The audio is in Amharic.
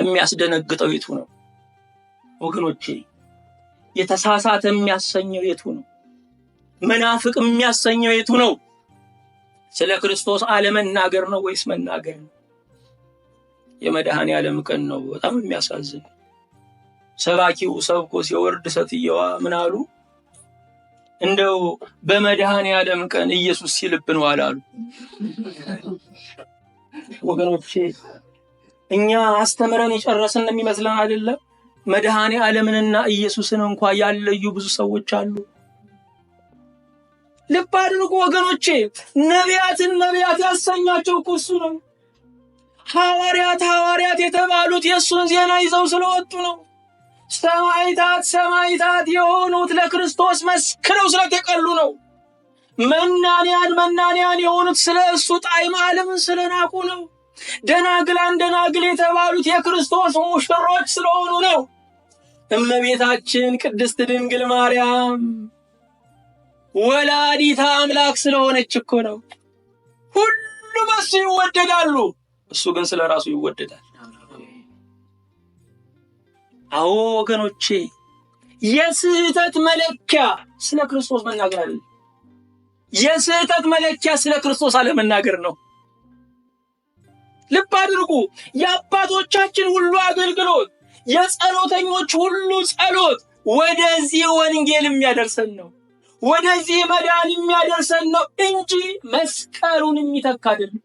የሚያስደነግጠው የቱ ነው? ወገኖቼ የተሳሳተ የሚያሰኘው የቱ ነው? መናፍቅ የሚያሰኘው የቱ ነው? ስለ ክርስቶስ አለመናገር ነው ወይስ መናገር ነው? የመድኃኔ ዓለም ቀን ነው። በጣም የሚያሳዝን ሰባኪው ሰብኮ ሲወርድ ሴትየዋ ምን አሉ? እንደው በመድኃኔ ዓለም ቀን ኢየሱስ ሲልብን ዋላሉ ወገኖቼ እኛ አስተምረን የጨረስን እንደሚመስለን አይደለም። መድኃኔ ዓለምንና ኢየሱስን እንኳ ያለዩ ብዙ ሰዎች አሉ። ልብ አድርጉ ወገኖቼ፣ ነቢያትን ነቢያት ያሰኛቸው እኮ እሱ ነው። ሐዋርያት ሐዋርያት የተባሉት የእሱን ዜና ይዘው ስለወጡ ነው። ሰማይታት ሰማይታት የሆኑት ለክርስቶስ መስክረው ስለተቀሉ ነው። መናንያን መናንያን የሆኑት ስለ እሱ ጣዕመ ዓለምን ስለናቁ ነው። ደናግላን ደናግል የተባሉት የክርስቶስ ሙሽሮች ስለሆኑ ነው። እመቤታችን ቅድስት ድንግል ማርያም ወላዲታ አምላክ ስለሆነች እኮ ነው። ሁሉም እሱ ይወደዳሉ፣ እሱ ግን ስለ ራሱ ይወደዳል። አዎ ወገኖቼ፣ የስህተት መለኪያ ስለ ክርስቶስ መናገር አለ። የስህተት መለኪያ ስለ ክርስቶስ አለመናገር ነው። ልብ አድርጉ። የአባቶቻችን ሁሉ አገልግሎት፣ የጸሎተኞች ሁሉ ጸሎት ወደዚህ ወንጌል የሚያደርሰን ነው፣ ወደዚህ መዳን የሚያደርሰን ነው እንጂ መስቀሉን የሚተካ አይደለም።